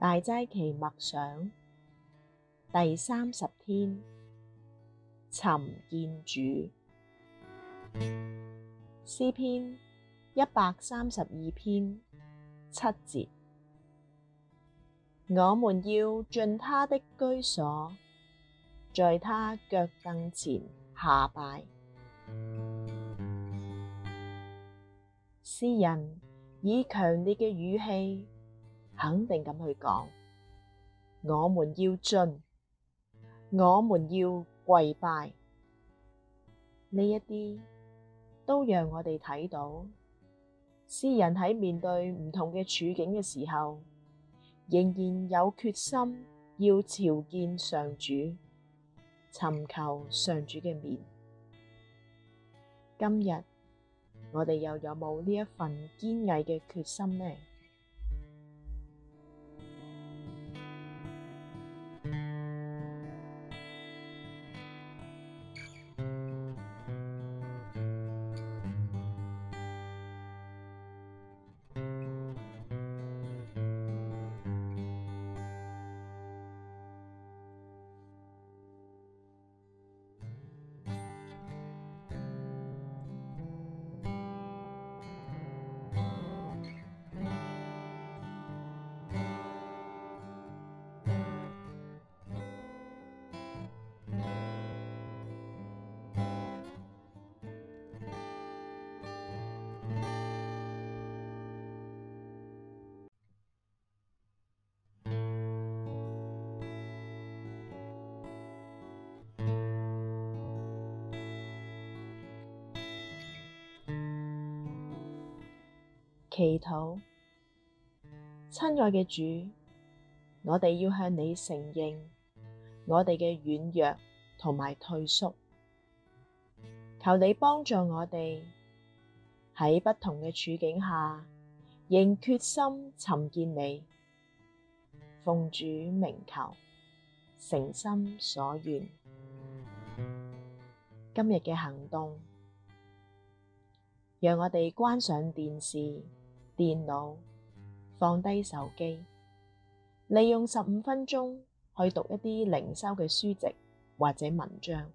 大齋期默想第三十天尋見主詩篇一百三十二篇七節。我們要進他的居所，在他腳凳前下拜。詩人以強烈嘅語氣，肯定咁去講，我們要進，我們要跪拜呢一啲，都讓我哋睇到，詩人喺面對唔同嘅處境嘅時候，仍然有決心要朝見上主，尋求上主嘅面。今日我哋又有冇呢一份堅毅嘅決心呢？祈禱，親愛嘅主，我哋要向你承認我哋嘅軟弱同埋退縮，求你幫助我哋喺不同嘅處境下，仍決心尋見你。奉主名求，誠心所願。今日嘅行動。讓我哋關上電視、電腦，放低手機，利用十五分鐘去讀一啲靈修嘅書籍或者文章。